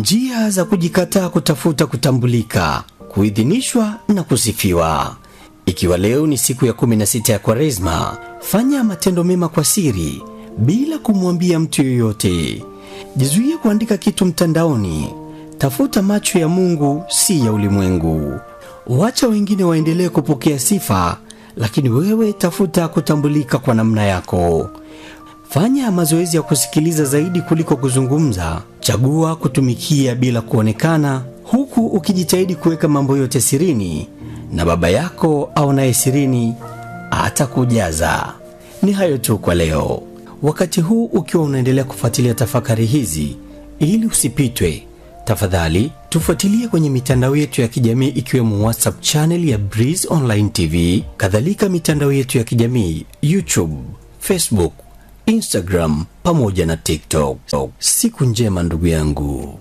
njia za kujikataa kutafuta kutambulika, kuidhinishwa na kusifiwa. Ikiwa leo ni siku ya 16 ya Kwaresma, fanya matendo mema kwa siri bila kumwambia mtu yoyote. Jizuie kuandika kitu mtandaoni. Tafuta macho ya Mungu, si ya ulimwengu. Wacha wengine waendelee kupokea sifa, lakini wewe tafuta kutambulika kwa namna yako. Fanya mazoezi ya kusikiliza zaidi kuliko kuzungumza. Chagua kutumikia bila kuonekana, huku ukijitahidi kuweka mambo yote sirini, na Baba yako aonaye sirini atakujaza. Ni hayo tu kwa leo. Wakati huu ukiwa unaendelea kufuatilia tafakari hizi, ili usipitwe, tafadhali tufuatilie kwenye mitandao yetu ya kijamii ikiwemo WhatsApp channel ya Breeze Online TV, kadhalika mitandao yetu ya kijamii YouTube, Facebook Instagram pamoja na TikTok. Siku njema ndugu yangu.